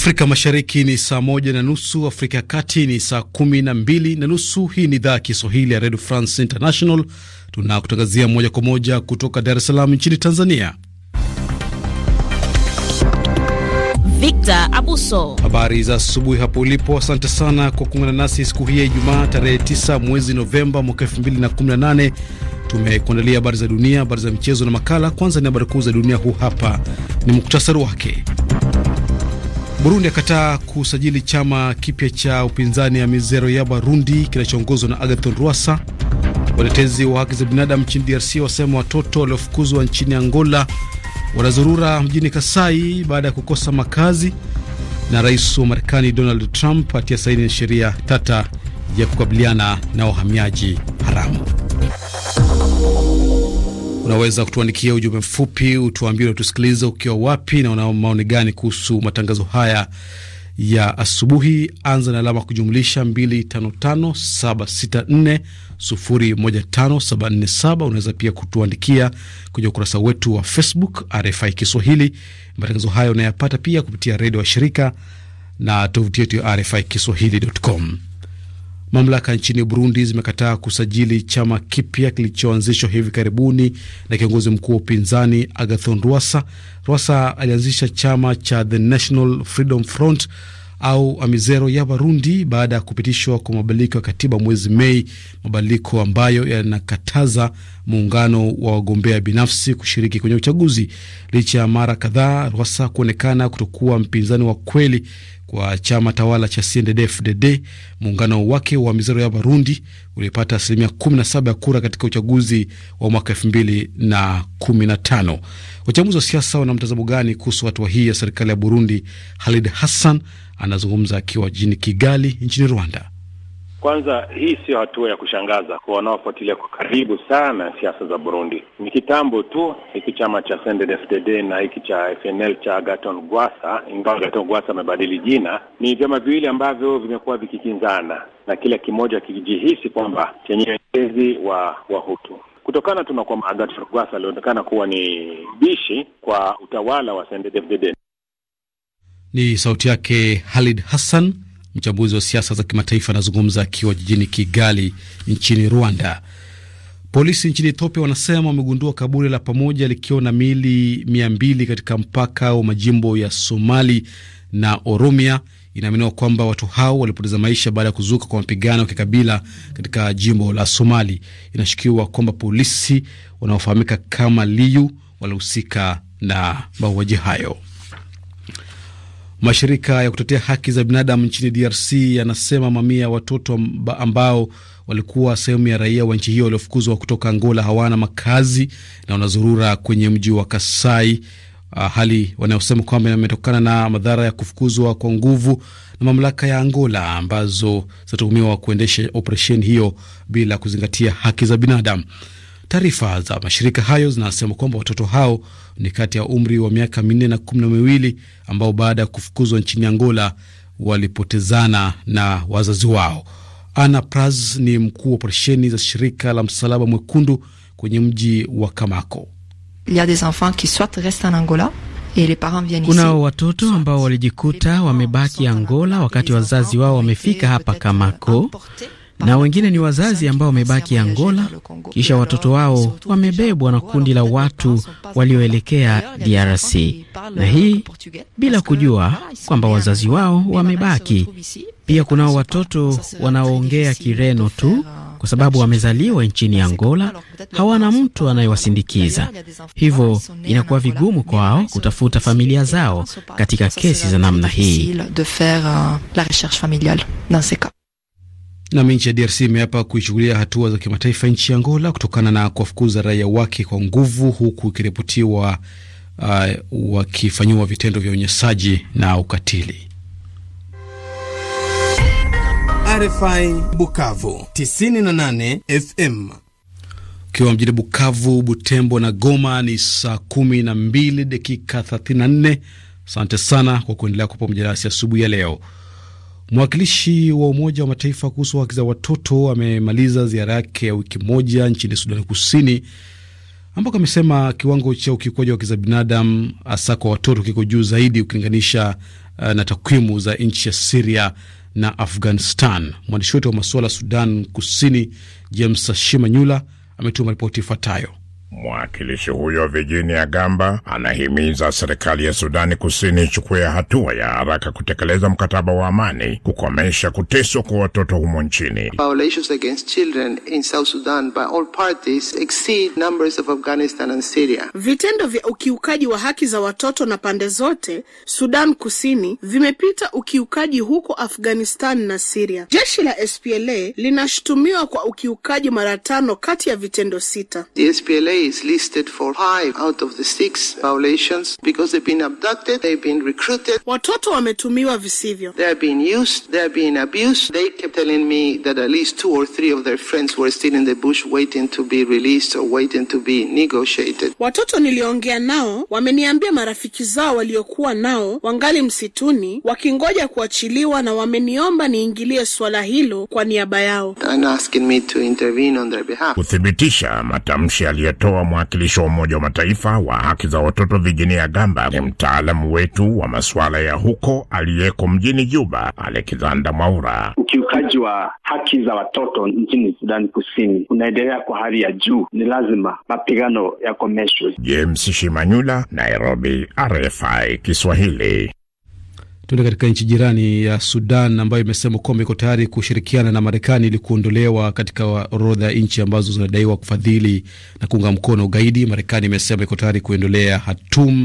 Afrika Mashariki ni saa moja na nusu, Afrika ya Kati ni saa kumi na mbili na nusu. Hii ni idhaa ya Kiswahili ya Redio France International, tunakutangazia moja kwa moja kutoka Dar es Salaam nchini Tanzania. Victor Abuso, habari za asubuhi hapo ulipo. Asante sana kwa kuungana nasi siku hii ya Ijumaa tarehe 9 mwezi Novemba mwaka 2018. Tumekuandalia habari za dunia, habari za michezo na makala. Kwanza ni habari kuu za dunia, huu hapa ni muktasari wake. Burundi akataa kusajili chama kipya cha upinzani Mizero ya Barundi kinachoongozwa na Agathon Rwasa. Watetezi wa haki za binadamu nchini DRC wasema watoto waliofukuzwa nchini Angola wanazurura mjini Kasai baada ya kukosa makazi. Na rais wa Marekani Donald Trump atia saini sheria tata ya kukabiliana na wahamiaji haramu. Unaweza kutuandikia ujumbe mfupi utuambie unatusikiliza ukiwa wapi na una maoni gani kuhusu matangazo haya ya asubuhi. Anza na alama kujumlisha 255764015747. Unaweza pia kutuandikia kwenye ukurasa wetu wa Facebook RFI Kiswahili. Matangazo haya unayapata pia kupitia redio wa shirika na tovuti yetu ya RFI Kiswahili.com. Mamlaka nchini Burundi zimekataa kusajili chama kipya kilichoanzishwa hivi karibuni na kiongozi mkuu wa upinzani Agathon Rwasa. Rwasa alianzisha chama cha The National Freedom Front au Amizero ya Warundi baada ya kupitishwa kwa mabadiliko ya katiba mwezi Mei, mabadiliko ambayo yanakataza muungano wa wagombea binafsi kushiriki kwenye uchaguzi. Licha ya mara kadhaa Rwasa kuonekana kutokuwa mpinzani wa kweli kwa chama tawala cha CNDD-FDD, muungano wake wa Mizero ya Warundi ulipata asilimia 17 ya kura katika uchaguzi wa mwaka 2015. Wachambuzi wa siasa wana mtazamo gani kuhusu hatua hii ya serikali ya Burundi? Halid Hassan anazungumza akiwa jijini Kigali nchini Rwanda. Kwanza, hii siyo hatua ya kushangaza kwa wanaofuatilia kwa karibu sana siasa za Burundi. Ni kitambo tu hiki chama cha CNDD-FDD na hiki cha FNL cha Agathon Gwasa, ingawa Agathon Gwasa amebadili jina, ni vyama viwili ambavyo vimekuwa vikikinzana na kila kimoja kikijihisi kwamba chenye utetezi wa Wahutu kutokana tuna kwamba Agathon Gwasa alionekana kuwa ni bishi kwa utawala wa CNDD-FDD ni sauti yake Halid Hassan, mchambuzi wa siasa za kimataifa, anazungumza akiwa jijini Kigali nchini Rwanda. Polisi nchini Ethiopia wanasema wamegundua kaburi la pamoja likiwa na miili mia mbili katika mpaka wa majimbo ya Somali na Oromia. Inaaminiwa kwamba watu hao walipoteza maisha baada ya kuzuka kwa mapigano ya kikabila katika jimbo la Somali. Inashukiwa kwamba polisi wanaofahamika kama Liyu walihusika na mauaji hayo. Mashirika ya kutetea haki za binadamu nchini DRC yanasema mamia ya watoto ambao walikuwa sehemu ya raia wa nchi hiyo waliofukuzwa kutoka Angola hawana makazi na wanazurura kwenye mji wa Kasai. Uh, hali wanayosema kwamba imetokana na madhara ya kufukuzwa kwa nguvu na mamlaka ya Angola ambazo zinatuhumiwa kuendesha operesheni hiyo bila kuzingatia haki za binadamu. Taarifa za mashirika hayo zinasema kwamba watoto hao ni kati ya umri wa miaka minne na kumi na miwili ambao baada ya kufukuzwa nchini Angola walipotezana na wazazi wao. Ana Praz ni mkuu wa operesheni za shirika la Msalaba Mwekundu kwenye mji wa Kamako. Kuna watoto ambao walijikuta wamebaki Angola wakati wazazi wao wamefika hapa Kamako na wengine ni wazazi ambao wamebaki Angola, kisha watoto wao wamebebwa na kundi la watu walioelekea DRC, na hii bila kujua kwamba wazazi wao wamebaki. Pia kunao watoto wanaoongea Kireno tu kwa sababu wamezaliwa nchini Angola, hawana mtu anayewasindikiza, hivyo inakuwa vigumu kwao kutafuta familia zao katika kesi za namna hii. Nam, nchi ya DRC imeapa kuichukulia hatua za kimataifa nchi ya Angola kutokana na kuwafukuza raia wake kwa nguvu, huku ikiripotiwa uh, wakifanyiwa vitendo vya unyanyasaji na ukatili. RFI Bukavu 98 FM ukiwa mjini Bukavu, Butembo na Goma ni saa kumi na mbili dakika 34. Asante sana kwa kuendelea kwa pamoja nasi asubuhi ya leo. Mwakilishi wa Umoja wa Mataifa kuhusu haki za watoto amemaliza ziara yake ya wiki moja nchini Sudani Kusini, ambako amesema kiwango cha ukiukwaji wa haki za binadamu hasa kwa watoto kiko juu zaidi ukilinganisha uh, na takwimu za nchi ya Siria na Afghanistan. Mwandishi wetu wa masuala Sudan Kusini James Shimanyula ametuma ripoti ifuatayo. Mwakilishi huyo Virginia Gamba anahimiza serikali ya Sudani Kusini ichukue hatua ya haraka kutekeleza mkataba wa amani, kukomesha kuteswa kwa watoto humo nchini. Violations against children in South Sudan by all parties exceed numbers of Afghanistan and Syria. Vitendo vya ukiukaji wa haki za watoto na pande zote Sudan Kusini vimepita ukiukaji huko Afghanistan na Syria. Jeshi la SPLA linashutumiwa kwa ukiukaji mara tano kati ya vitendo sita. The SPLA is listed for five out of the six violations because they've been abducted, they've been recruited. Watoto wametumiwa visivyo. They have been used, they have been abused. They kept telling me that at least two or three of their friends were still in the bush waiting to be released or waiting to be negotiated. Watoto niliongea nao wameniambia marafiki zao waliokuwa nao wangali msituni wakingoja kuachiliwa na wameniomba niingilie swala hilo kwa niaba yao. And asking me to intervene on their behalf. Kuthibitisha matamshi aliyotoa wa mwakilishi wa Umoja wa Mataifa wa haki za watoto Virginia Gamba, ni mtaalamu wetu wa masuala ya huko aliyeko mjini Juba, Alexander Mwaura. Ukiukaji wa haki za watoto nchini Sudani Kusini unaendelea kwa hali ya juu, ni lazima mapigano yakomeshwe. James Shimanyula, Nairobi, RFI Kiswahili. Tuende katika nchi jirani ya Sudan ambayo imesema kwamba iko tayari kushirikiana na Marekani ili kuondolewa katika orodha ya nchi ambazo zinadaiwa kufadhili na kuunga mkono ugaidi. Marekani imesema iko tayari kuendelea hatum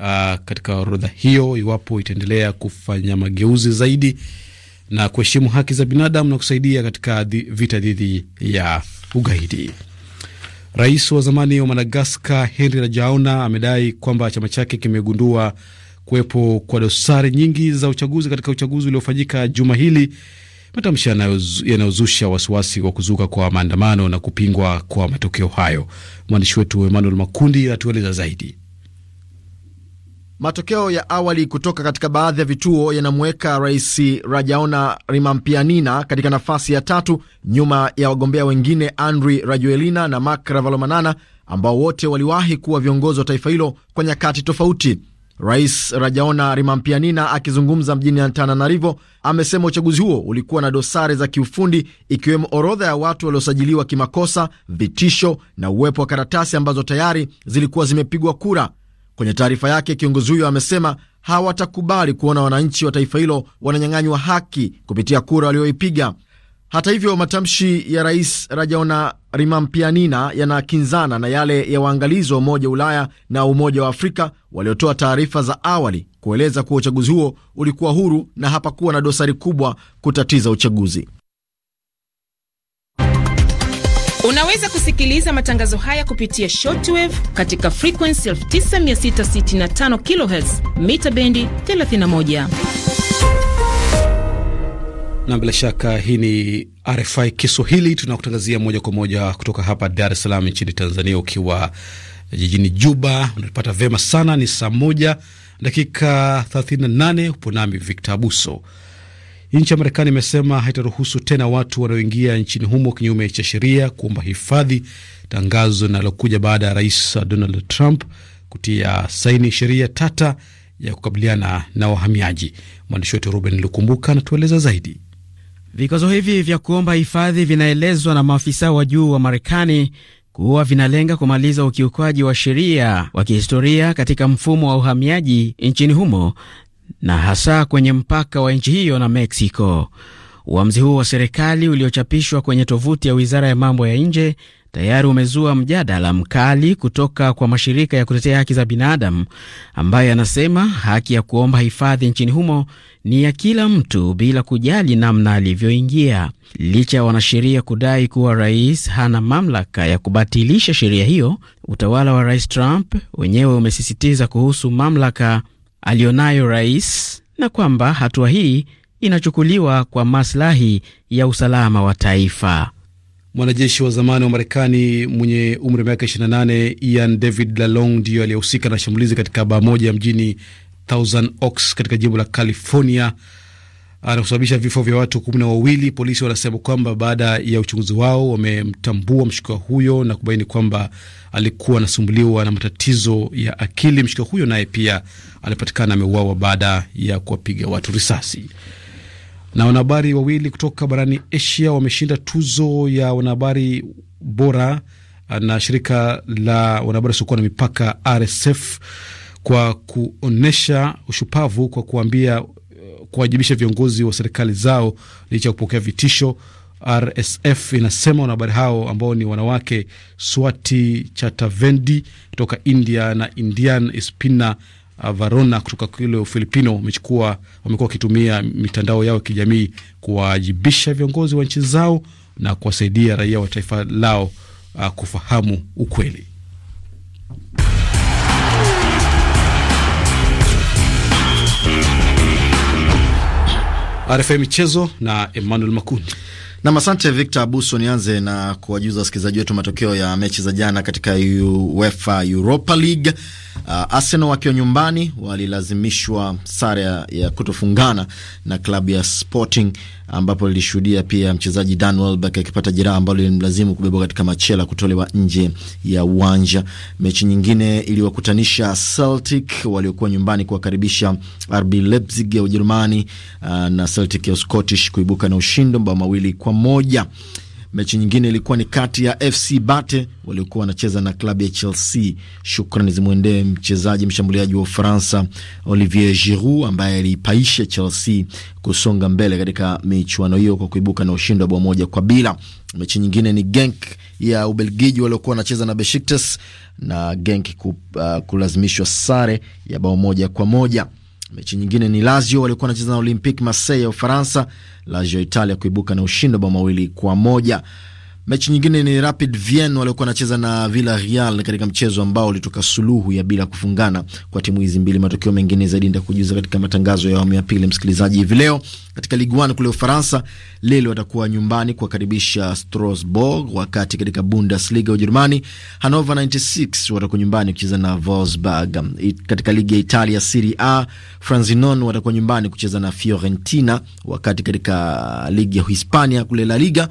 uh, katika orodha hiyo iwapo itaendelea kufanya mageuzi zaidi na kuheshimu haki za binadamu na kusaidia katika vita dhidi ya ugaidi. Rais wa zamani wa Madagaskar Henry Rajaona amedai kwamba chama chake kimegundua kuwepo kwa dosari nyingi za uchaguzi katika uchaguzi uliofanyika juma hili, matamshi yanayozusha wasiwasi wa kuzuka kwa maandamano na kupingwa kwa matokeo hayo. Mwandishi wetu Emmanuel Makundi atueleza zaidi. Matokeo ya awali kutoka katika baadhi ya vituo yanamweka Rais Rajaona Rimampianina katika nafasi ya tatu nyuma ya wagombea wengine andri Rajoelina na mak Ravalomanana ambao wote waliwahi kuwa viongozi wa taifa hilo kwa nyakati tofauti. Rais Rajaona Rimampianina akizungumza mjini Antananarivo amesema uchaguzi huo ulikuwa na dosari za kiufundi ikiwemo orodha ya watu waliosajiliwa kimakosa, vitisho na uwepo wa karatasi ambazo tayari zilikuwa zimepigwa kura. Kwenye taarifa yake, kiongozi huyo amesema hawatakubali kuona wananchi wa taifa hilo wananyang'anywa haki kupitia kura walioipiga. Hata hivyo matamshi ya rais Rajaona Rimampianina yanakinzana na yale ya waangalizi wa Umoja wa Ulaya na Umoja wa Afrika waliotoa taarifa za awali kueleza kuwa uchaguzi huo ulikuwa huru na hapakuwa na dosari kubwa kutatiza uchaguzi. Unaweza kusikiliza matangazo haya kupitia shortwave katika frequency 9665 kilohertz mita bendi 31 na bila shaka hii ni RFI Kiswahili, tunakutangazia moja kwa moja kutoka hapa Dar es Salaam nchini Tanzania. Ukiwa jijini Juba unapata vema sana. Ni saa moja dakika 38. Upo nami Victor Abuso. Nchi ya Marekani imesema haitaruhusu tena watu wanaoingia nchini humo kinyume cha sheria kuomba hifadhi, tangazo linalokuja baada ya Rais Donald Trump kutia saini sheria tata ya kukabiliana na wahamiaji. Mwandishi wetu Ruben Lukumbuka anatueleza zaidi. Vikwazo hivi vya kuomba hifadhi vinaelezwa na maafisa wa juu wa Marekani kuwa vinalenga kumaliza ukiukwaji wa sheria wa kihistoria katika mfumo wa uhamiaji nchini humo na hasa kwenye mpaka wa nchi hiyo na Meksiko. Uamuzi huo wa serikali uliochapishwa kwenye tovuti ya Wizara ya Mambo ya Nje tayari umezua mjadala mkali kutoka kwa mashirika ya kutetea haki za binadamu ambayo yanasema haki ya kuomba hifadhi nchini humo ni ya kila mtu bila kujali namna alivyoingia. Licha ya wanasheria kudai kuwa rais hana mamlaka ya kubatilisha sheria hiyo, utawala wa Rais Trump wenyewe umesisitiza kuhusu mamlaka aliyonayo rais na kwamba hatua hii inachukuliwa kwa maslahi ya usalama wa taifa. Mwanajeshi wa zamani wa Marekani mwenye umri wa miaka 28 Ian David Lalong ndiyo aliyehusika na shambulizi katika baa moja mjini Thousand Oaks katika jimbo la California na kusababisha vifo vya watu kumi na wawili. Polisi wanasema kwamba baada ya uchunguzi wao wamemtambua mshukiwa huyo na kubaini kwamba alikuwa anasumbuliwa na matatizo ya akili. Mshukiwa huyo naye pia alipatikana ameuawa baada ya kuwapiga watu risasi. Na wanahabari wawili kutoka barani Asia wameshinda tuzo ya wanahabari bora uh, na shirika la wanahabari wasiokuwa na mipaka RSF kwa kuonyesha ushupavu kwa kuambia uh, kuwajibisha viongozi wa serikali zao licha ya kupokea vitisho. RSF inasema wanahabari hao ambao ni wanawake Swati Chatavendi kutoka India na Indian spina Uh, Varona kutoka kule Ufilipino wamechukua wamekuwa wakitumia mitandao yao ya kijamii kuwajibisha viongozi wa nchi zao na kuwasaidia raia wa taifa lao uh, kufahamu ukweli. RFI Michezo na Emmanuel Makundi. Nam, asante Victor Abuso. Nianze na kuwajuza wasikilizaji wetu matokeo ya mechi za jana katika UEFA Europa League. Uh, Arsenal wakiwa nyumbani walilazimishwa sare ya kutofungana na klabu ya Sporting ambapo lilishuhudia pia mchezaji Dan Welbeck akipata jeraha ambalo lilimlazimu kubebwa katika machela kutolewa nje ya uwanja. Mechi nyingine iliwakutanisha Celtic waliokuwa nyumbani kuwakaribisha RB Leipzig ya Ujerumani uh, na Celtic ya Scottish kuibuka na ushindi mabao mawili kwa moja. Mechi nyingine ilikuwa ni kati ya FC Bate waliokuwa wanacheza na klabu ya Chelsea. Shukrani zimwendee mchezaji mshambuliaji wa Ufaransa Olivier Giroud ambaye aliipaisha Chelsea kusonga mbele katika michuano hiyo kwa kuibuka na ushindi wa bao moja kwa bila. Mechi nyingine ni Genk ya Ubelgiji waliokuwa wanacheza na Besiktas na Genk uh, kulazimishwa sare ya bao moja kwa moja. Mechi nyingine ni Lazio waliokuwa wanacheza na Olympique Marseille ya Ufaransa, Lazio Italia kuibuka na ushindi wa bao mawili kwa moja. Mechi nyingine ni Rapid Vien waliokuwa wanacheza na Villarreal katika mchezo ambao ulitoka suluhu ya bila kufungana kwa timu hizi mbili. Matokeo mengine zaidi nitakujuza katika matangazo ya awamu ya pili, msikilizaji. Hivi leo katika Ligue 1 kule Ufaransa, Lille watakuwa nyumbani kuwakaribisha Strasbourg, wakati katika Bundesliga Ujerumani, Hannover 96 watakuwa nyumbani kucheza na Wolfsburg. Katika ligi ya Italia Serie A, Frosinone watakuwa nyumbani kucheza na Fiorentina, wakati katika ligi ya Hispania kule La Liga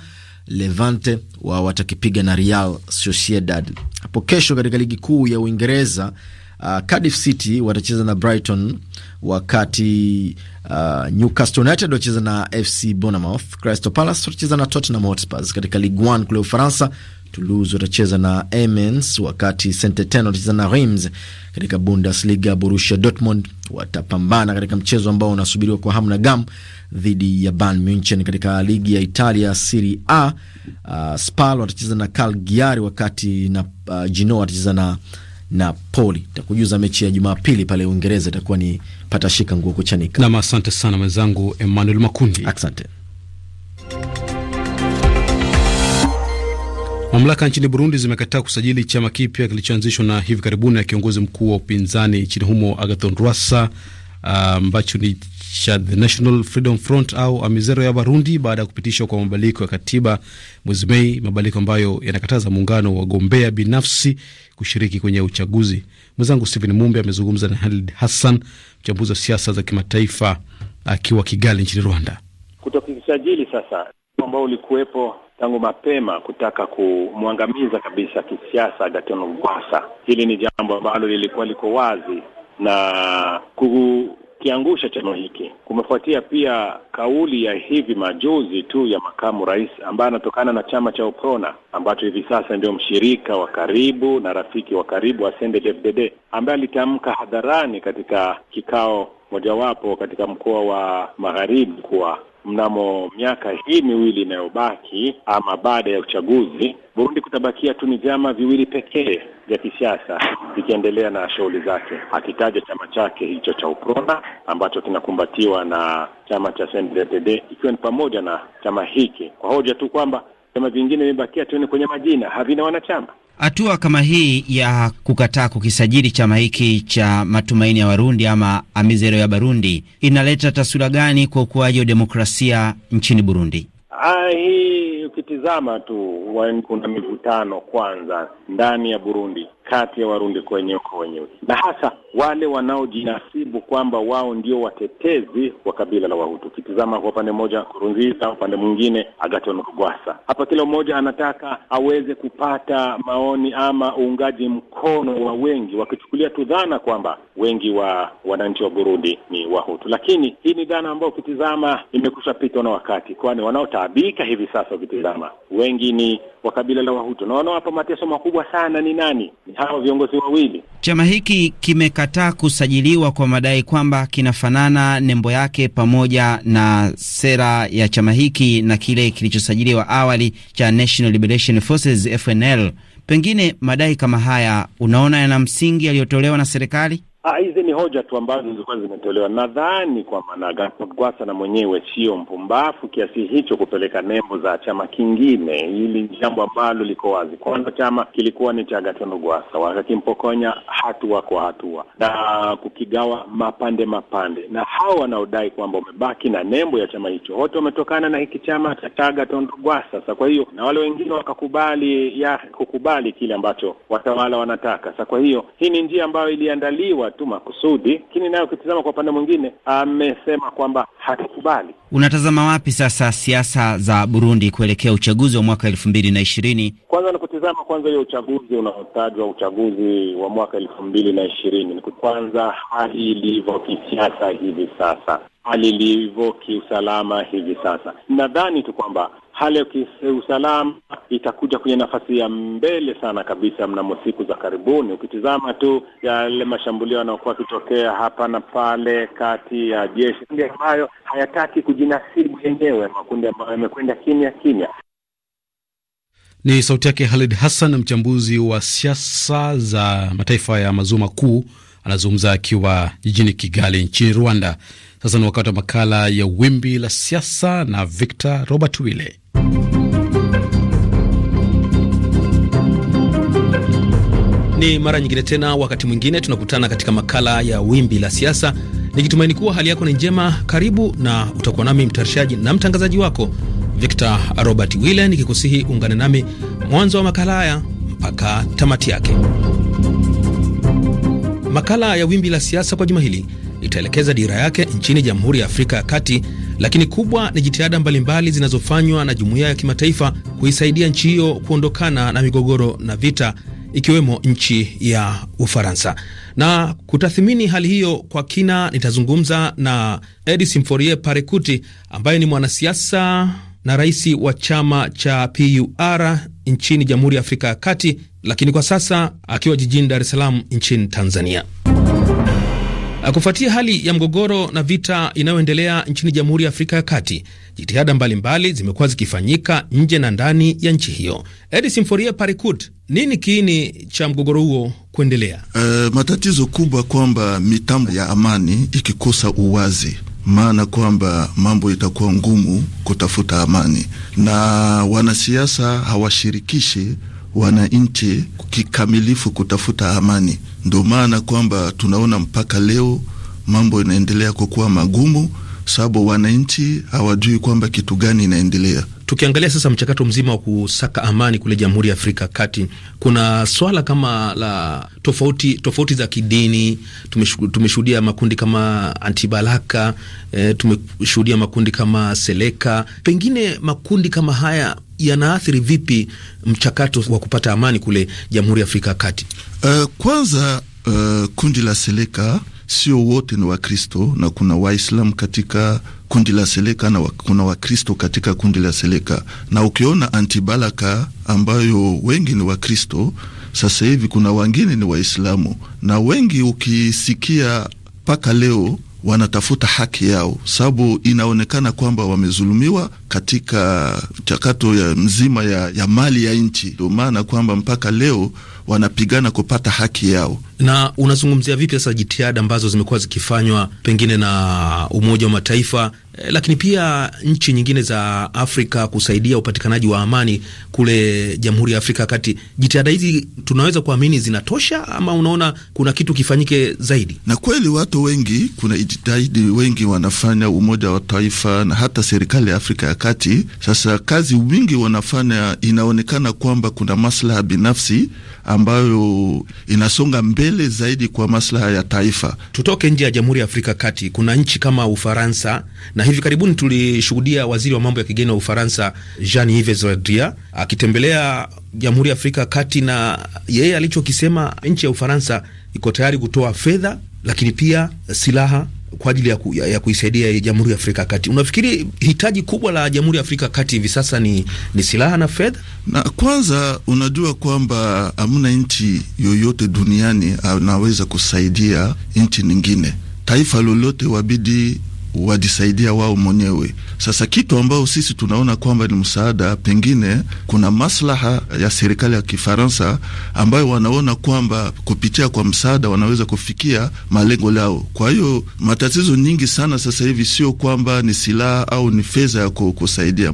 Levante wa watakipiga na Real Sociedad. Hapo kesho katika ligi kuu ya Uingereza uh, Cardiff City watacheza na Brighton, wakati uh, Newcastle United watacheza na FC Bournemouth. Crystal Palace watacheza na Tottenham Hotspur. Katika Ligue 1 kule Ufaransa, Toulouse watacheza na Amiens, wakati Saint Etienne watacheza na Reims. Katika Bundesliga, Borussia Dortmund watapambana katika mchezo ambao unasubiriwa kwa hamu na gamu dhidi ya Bayern Munchen. Katika ligi ya Italia Serie A, uh, Spal watacheza na Cagliari wakati na uh, Genoa watacheza na Napoli. Takujuza mechi ya Jumapili pale Uingereza itakuwa ni patashika nguo kuchanika. Nam, asante sana mwenzangu Emmanuel Makundi, asante. Mamlaka nchini Burundi zimekataa kusajili chama kipya kilichoanzishwa na hivi karibuni na kiongozi mkuu wa upinzani nchini humo Agathon Rwasa uh, ambacho uh, ni cha The National Freedom Front au Amizero ya Barundi baada ya kupitishwa kwa mabadiliko ya katiba mwezi Mei, mabadiliko ambayo yanakataza muungano wa gombea binafsi kushiriki kwenye uchaguzi. Mwenzangu Stephen Mumbe amezungumza na Halid Hassan, mchambuzi wa siasa za kimataifa akiwa Kigali nchini Rwanda. Kutokujisajili sasa ambao ulikuwepo tangu mapema kutaka kumwangamiza kabisa kisiasa Agathon Rwasa, hili ni jambo ambalo lilikuwa liko wazi na ku kiangusha chama hiki. Kumefuatia pia kauli ya hivi majuzi tu ya makamu rais ambaye anatokana na chama cha UPRONA ambacho hivi sasa ndio mshirika wa karibu na rafiki wa karibu wa CNDD-FDD ambaye alitamka hadharani katika kikao mojawapo katika mkoa wa Magharibi kuwa mnamo miaka hii miwili inayobaki ama baada ya uchaguzi, Burundi kutabakia tu ni vyama viwili pekee vya kisiasa vikiendelea na shughuli zake, akitaja chama chake hicho cha UPRONA ambacho kinakumbatiwa na chama cha cndd ikiwa ni pamoja na chama hiki, kwa hoja tu kwamba vyama vingine vimebakia tu ni kwenye majina, havina wanachama. Hatua kama hii ya kukataa kukisajili chama hiki cha matumaini ya Warundi ama Amizero ya Barundi inaleta taswira gani kwa ukuaji wa demokrasia nchini Burundi? Ah, hii ukitizama tu kuna mivutano kwanza ndani ya Burundi kati ya Warundi kwenye kwa wenyewe, na hasa wale wanaojinasibu kwamba wao ndio watetezi wa kabila la Wahutu. Ukitizama kwa upande mmoja Kurunziza, upande mwingine Agathon Rwasa, hapa kila mmoja anataka aweze kupata maoni ama uungaji mkono wa wengi, wakichukulia tu dhana kwamba wengi wa wananchi wa Burundi ni Wahutu, lakini hii ni dhana ambayo ukitizama imekusha pitwa na wakati, kwani wanaota wanataabika hivi sasa. Ukitizama wengi ni wa kabila la Wahutu na wanaowapa mateso makubwa sana ni nani? Ni hawa viongozi wawili. Chama hiki kimekataa kusajiliwa kwa madai kwamba kinafanana nembo yake pamoja na sera ya chama hiki na kile kilichosajiliwa awali cha National Liberation Forces FNL. Pengine madai kama haya unaona yana msingi yaliyotolewa na serikali? Ah, hizi ni hoja tu ambazo zilikuwa zimetolewa. Nadhani kwa maana na mwenyewe sio mpumbafu kiasi hicho kupeleka nembo za chama kingine. ili jambo ambalo liko wazi. Kwanza chama kilikuwa ni cha Gatondo Gwasa, wakakimpokonya hatua kwa hatua na kukigawa mapande mapande, na hao wanaodai kwamba wamebaki na nembo ya chama hicho wote wametokana na hiki chama cha Gatondo Gwasa. Sasa kwa hiyo na wale wengine wakakubali ya kukubali kile ambacho watawala wanataka. Sasa kwa hiyo hii ni njia ambayo iliandaliwa tu makusudi, lakini nayo ukitizama kwa upande mwingine amesema kwamba hatukubali. Unatazama wapi sasa siasa za Burundi kuelekea uchaguzi wa mwaka elfu mbili na ishirini? Kwanza ni kutizama kwanza hiyo uchaguzi unaotajwa uchaguzi wa mwaka elfu mbili na ishirini, ni kwanza hali ilivyo kisiasa hivi sasa hali ilivyo kiusalama hivi sasa. Nadhani tu kwamba hali ya kiusalama itakuja kwenye nafasi ya mbele sana kabisa mnamo siku za karibuni. Ukitizama tu yale mashambulio yanayokuwa akitokea hapa na pale kati ya jeshi, kundi ambayo hayataki kujinasibu yenyewe, makundi ambayo yamekwenda kimya kimya. Ni sauti yake Halid Hassan, mchambuzi wa siasa za mataifa ya maziwa makuu anazungumza akiwa jijini Kigali nchini Rwanda. Sasa ni wakati wa makala ya wimbi la siasa na Victor Robert Wille. Ni mara nyingine tena, wakati mwingine tunakutana katika makala ya wimbi la siasa, nikitumaini kuwa hali yako ni njema. Karibu na utakuwa nami mtayarishaji na mtangazaji wako Victor Robert Wille, nikikusihi uungane nami mwanzo wa makala haya mpaka tamati yake. Makala ya Wimbi la Siasa kwa juma hili itaelekeza dira yake nchini Jamhuri ya Afrika ya Kati, lakini kubwa ni jitihada mbalimbali zinazofanywa na jumuiya ya kimataifa kuisaidia nchi hiyo kuondokana na migogoro na vita, ikiwemo nchi ya Ufaransa. Na kutathimini hali hiyo kwa kina, nitazungumza na Edi Simforie Parekuti ambaye ni mwanasiasa na rais wa chama cha PUR nchini Jamhuri ya Afrika ya Kati, lakini kwa sasa akiwa jijini Dar es Salaam nchini Tanzania. Kufuatia hali ya mgogoro na vita inayoendelea nchini Jamhuri ya Afrika ya Kati, jitihada mbalimbali zimekuwa zikifanyika nje na ndani ya nchi hiyo. Edi Simforia Parikut, nini kiini cha mgogoro huo kuendelea? Uh, matatizo kubwa kwamba mitambo ya amani ikikosa uwazi maana kwamba mambo itakuwa ngumu kutafuta amani, na wanasiasa hawashirikishi wananchi kikamilifu kutafuta amani. Ndio maana kwamba tunaona mpaka leo mambo inaendelea kukuwa magumu, sababu wananchi hawajui kwamba kitu gani inaendelea. Tukiangalia sasa mchakato mzima wa kusaka amani kule Jamhuri ya Afrika Kati, kuna swala kama la tofauti tofauti za kidini. Tumeshuhudia makundi kama Antibalaka e, eh, tumeshuhudia makundi kama Seleka. Pengine makundi kama haya yanaathiri vipi mchakato wa kupata amani kule Jamhuri ya Afrika Kati? Uh, kwanza uh, kundi la Seleka sio wote ni Wakristo na kuna Waislamu katika kundi la Seleka na kuna Wakristo katika kundi la Seleka, na ukiona Antibalaka ambayo wengi ni Wakristo, sasa hivi kuna wengine ni Waislamu na wengi ukisikia mpaka leo wanatafuta haki yao, sababu inaonekana kwamba wamezulumiwa katika mchakato ya mzima ya, ya mali ya nchi. Ndio maana kwamba mpaka leo wanapigana kupata haki yao. Na unazungumzia vipi sasa jitihada ambazo zimekuwa zikifanywa pengine na Umoja wa Mataifa Eh, lakini pia nchi nyingine za Afrika kusaidia upatikanaji wa amani kule Jamhuri ya Afrika ya Kati. Jitihada hizi tunaweza kuamini zinatosha, ama unaona kuna kitu kifanyike zaidi? Na kweli watu wengi, kuna jitihadi wengi wanafanya, Umoja wa Taifa na hata serikali ya Afrika ya Kati. Sasa kazi wingi wanafanya, inaonekana kwamba kuna maslaha binafsi ambayo inasonga mbele zaidi kwa maslaha ya taifa. Tutoke nje ya Jamhuri ya Afrika ya Kati, kuna nchi kama Ufaransa na Hivi karibuni tulishuhudia waziri wa mambo ya kigeni wa Ufaransa Jean-Yves Le Drian akitembelea Jamhuri ya Afrika Kati, na yeye alichokisema, nchi ya Ufaransa iko tayari kutoa fedha, lakini pia silaha kwa ajili ya, ku, ya, ya kuisaidia Jamhuri ya Afrika Kati. Unafikiri hitaji kubwa la Jamhuri ya Afrika Kati hivi sasa ni, ni silaha na fedha? Na kwanza, unajua kwamba hamna nchi yoyote duniani anaweza kusaidia nchi nyingine, taifa lolote wabidi wajisaidia wao mwenyewe. Sasa kitu ambao sisi tunaona kwamba ni msaada, pengine kuna maslaha ya serikali ya Kifaransa ambayo wanaona kwamba kupitia kwa msaada wanaweza kufikia malengo lao. Kwa hiyo matatizo nyingi sana sasa hivi sio kwamba ni silaha au ni fedha ya kusaidia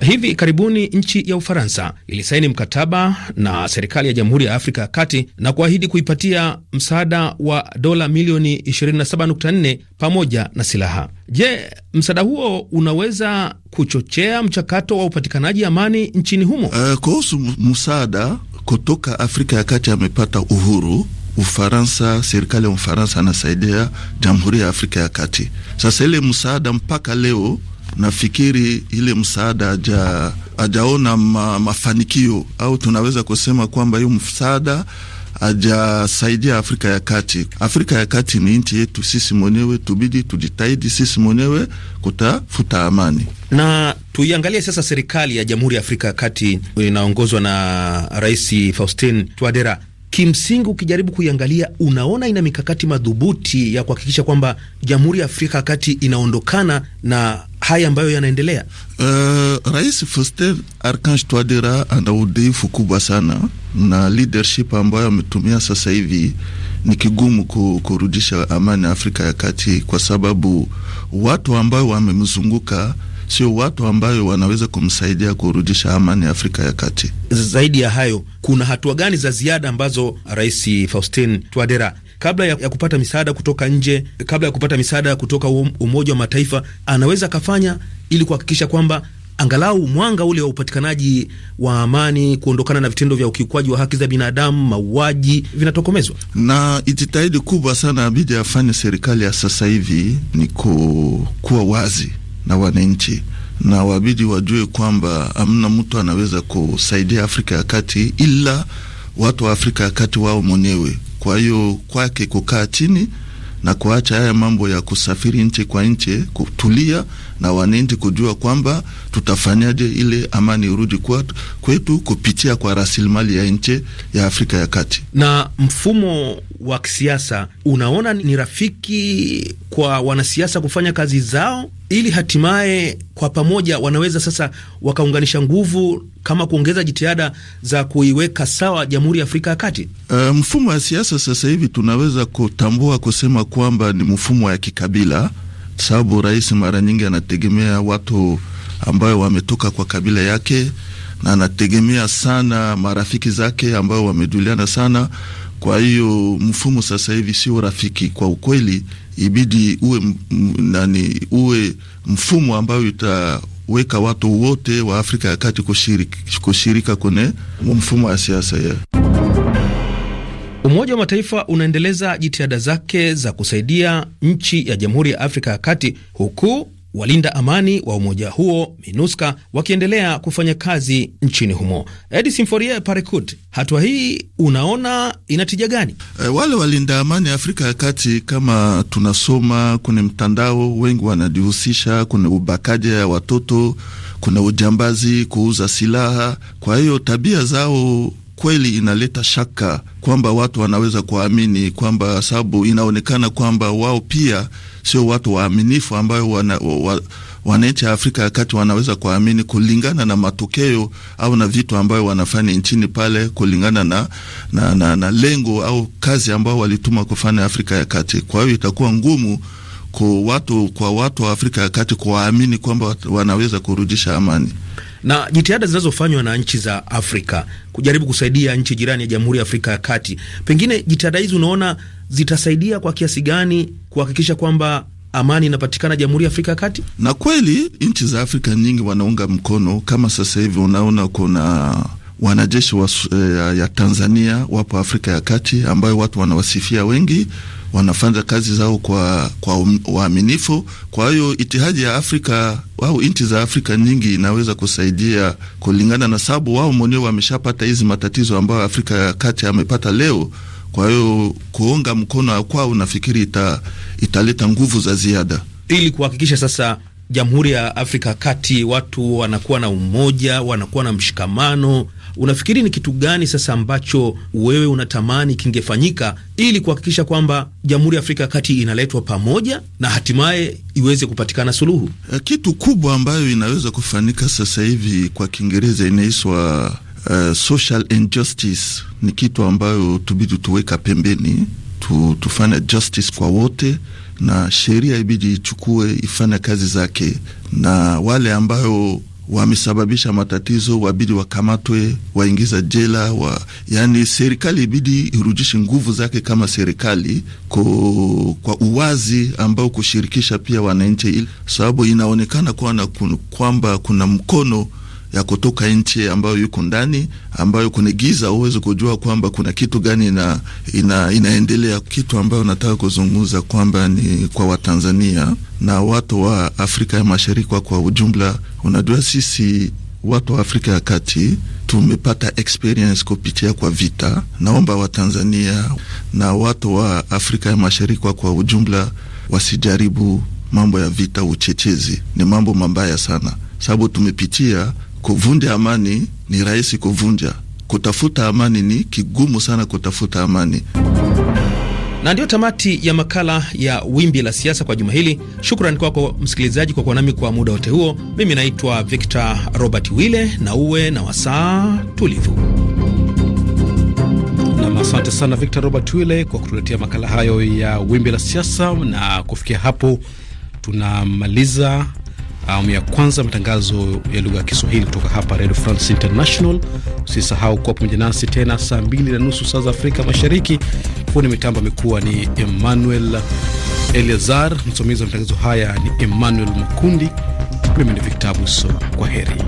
Hivi karibuni nchi ya Ufaransa ilisaini mkataba na serikali ya Jamhuri ya Afrika ya Kati na kuahidi kuipatia msaada wa dola milioni 27.4 pamoja na silaha. Je, msaada huo unaweza kuchochea mchakato wa upatikanaji amani nchini humo? Uh, kuhusu msaada kutoka Afrika ya Kati amepata uhuru Ufaransa, serikali ya Ufaransa anasaidia Jamhuri ya Afrika ya Kati. Sasa ile msaada mpaka leo nafikiri ile msaada aja ajaona ma, mafanikio au tunaweza kusema kwamba hiyo msaada ajasaidia Afrika ya Kati. Afrika ya Kati ni nchi yetu sisi mwenyewe, tubidi tujitahidi sisi mwenyewe kutafuta amani. Na tuiangalie sasa serikali ya Jamhuri ya Afrika ya Kati inaongozwa na Rais Faustin Twadera. Kimsingi, ukijaribu kuiangalia, unaona ina mikakati madhubuti ya kuhakikisha kwamba Jamhuri ya Afrika ya Kati inaondokana na haya ambayo yanaendelea? Uh, Rais Faustin Archange Touadera ana udhaifu kubwa sana, na leadership ambayo ametumia sasa hivi ni kigumu kurudisha amani Afrika ya Kati, kwa sababu watu ambayo wamemzunguka sio watu ambayo wanaweza kumsaidia kurudisha amani Afrika ya Kati. Zaidi ya hayo, kuna hatua gani za ziada ambazo Rais Faustin Touadera kabla ya, ya kupata misaada kutoka nje, kabla ya kupata misaada kutoka um, Umoja wa Mataifa anaweza akafanya ili kuhakikisha kwamba angalau mwanga ule wa upatikanaji wa amani, kuondokana na vitendo vya ukiukwaji wa haki za binadamu, mauaji vinatokomezwa. Na jitihada kubwa sana abidi afanye serikali ya sasa hivi ni ku, kuwa wazi na wananchi na wabidi wajue kwamba hamna mtu anaweza kusaidia Afrika ya Kati ila watu wa Afrika ya Kati wao mwenyewe kwa hiyo kwake kukaa chini na kuacha haya mambo ya kusafiri nchi kwa nchi, kutulia na wananchi kujua kwamba tutafanyaje ile amani irudi kwetu kupitia kwa rasilimali ya nchi ya Afrika ya Kati. Na mfumo wa kisiasa unaona ni rafiki kwa wanasiasa kufanya kazi zao ili hatimaye kwa pamoja wanaweza sasa wakaunganisha nguvu kama kuongeza jitihada za kuiweka sawa Jamhuri ya Afrika ya Kati. Uh, mfumo wa siasa sasa hivi tunaweza kutambua kusema kwamba ni mfumo wa kikabila sababu rais mara nyingi anategemea watu ambayo wametoka kwa kabila yake na anategemea sana marafiki zake ambao wamejuliana sana. Kwa hiyo mfumo sasa hivi sio rafiki kwa ukweli, ibidi uwe nani, uwe mfumo ambayo itaweka watu wote wa Afrika ya Kati kushiriki kushirika kwenye mfumo wa siasa yeah. Umoja wa Mataifa unaendeleza jitihada zake za kusaidia nchi ya Jamhuri ya Afrika ya Kati huku walinda amani wa umoja huo minuska wakiendelea kufanya kazi nchini humo. Edi Simforie Parekut, hatua hii unaona inatija gani? E, wale walinda amani Afrika ya Kati, kama tunasoma kwenye mtandao, wengi wanajihusisha kwenye ubakaji ya watoto, kuna ujambazi, kuuza silaha. Kwa hiyo tabia zao kweli inaleta shaka kwamba watu wanaweza kuamini kwamba, sababu inaonekana kwamba wao pia sio watu waaminifu ambayo wananchi wa, wa ya Afrika ya Kati wanaweza kuamini kulingana na matokeo au na vitu ambayo wanafanya nchini pale, kulingana na, na, na, na lengo au kazi ambayo walituma kufanya Afrika ya Kati. Kwa hiyo itakuwa ngumu kwa watu, kwa watu wa Afrika ya Kati kuwaamini kwamba wanaweza kurudisha amani na jitihada zinazofanywa na nchi za Afrika kujaribu kusaidia nchi jirani ya Jamhuri ya Afrika ya Kati, pengine jitihada hizi unaona zitasaidia kwa kiasi gani kuhakikisha kwamba amani inapatikana Jamhuri ya Afrika ya Kati. Na kweli nchi za Afrika nyingi wanaunga mkono, kama sasa hivi unaona kuna wanajeshi wa, eh, ya Tanzania wapo Afrika ya Kati ambayo watu wanawasifia wengi wanafanya kazi zao kwa kwa um, uaminifu. Kwa hiyo itihadi ya Afrika au nchi za Afrika nyingi inaweza kusaidia kulingana na sababu wao mwenyewe wameshapata hizi matatizo ambayo Afrika ya Kati amepata leo. Kwa hiyo kuunga mkono kwao, nafikiri ita, italeta nguvu za ziada ili kuhakikisha sasa Jamhuri ya Afrika Kati watu wanakuwa na umoja, wanakuwa na mshikamano, Unafikiri ni kitu gani sasa ambacho wewe unatamani kingefanyika ili kuhakikisha kwamba Jamhuri ya Afrika ya Kati inaletwa pamoja na hatimaye iweze kupatikana suluhu? Eh, kitu kubwa ambayo inaweza kufanyika sasa hivi, kwa Kiingereza inaiswa uh, eh, social injustice, ni kitu ambayo tubidi tuweka pembeni tu, tufanya justice kwa wote na sheria ibidi ichukue ifanye kazi zake na wale ambayo wamesababisha matatizo, wabidi wakamatwe, waingiza jela wa, yani serikali ibidi irudishe nguvu zake kama serikali ko, kwa uwazi ambao kushirikisha pia wananchi, sababu inaonekana kuwa na kwamba kuna mkono ya kutoka nchi ambayo yuko ndani ambayo kuna giza, uweze kujua kwamba kuna kitu gani ina, ina, inaendelea. Kitu ambayo nataka kuzungumza kwamba ni kwa Watanzania na watu wa Afrika ya Mashariki kwa ujumla. Unajua sisi watu wa Afrika ya Kati tumepata experience kupitia kwa vita. Naomba Watanzania na watu wa Afrika ya Mashariki kwa ujumla wasijaribu mambo ya vita, uchechezi. Ni mambo mabaya sana, sababu tumepitia Kuvunja amani ni rahisi kuvunja, kutafuta amani ni kigumu sana kutafuta amani. Na ndiyo tamati ya makala ya Wimbi la Siasa kwa juma hili. Shukrani kwako msikilizaji kwa kuwa nami kwa muda wote huo. Mimi naitwa Victor Robert Wille, na uwe na wasaa tulivu. asante sana Victor Robert Wille kwa kutuletea makala hayo ya Wimbi la Siasa, na kufikia hapo tunamaliza awamu ya kwanza matangazo ya lugha ya Kiswahili kutoka hapa Radio France International. Usisahau kuwa pamoja nasi tena saa mbili na nusu saa za Afrika Mashariki. Fundi mitambo amekuwa ni Emmanuel Eleazar, msimamizi wa matangazo haya ni Emmanuel Makundi. Mimi ni Victor Abuso, kwa heri.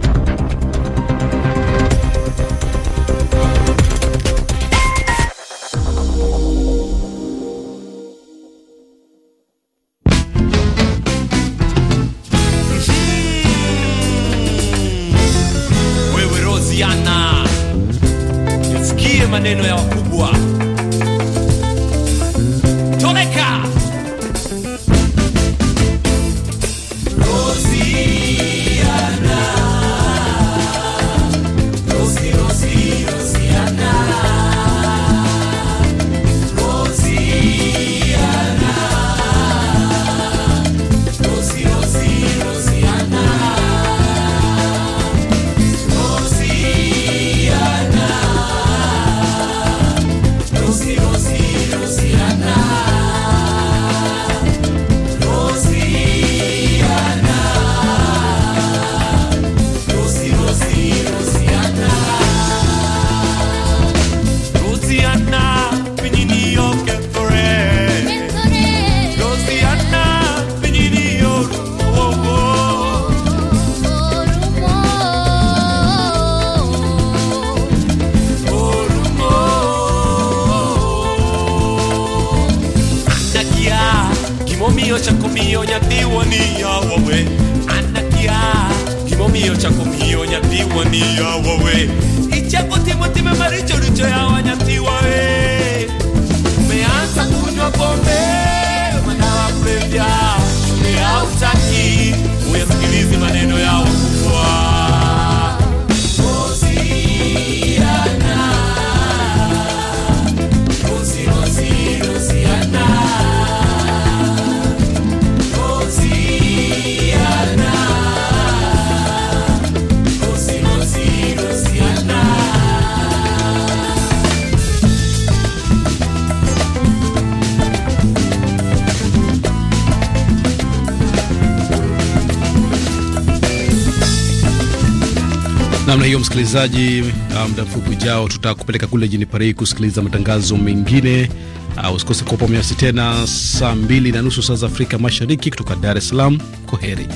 hiyo msikilizaji, uh, muda mfupi ujao tutakupeleka kule jini Paris kusikiliza matangazo mengine. Uh, usikose kuwa pamoja nasi tena saa mbili na nusu saa za Afrika Mashariki kutoka Dar es Salaam. Kwa heri.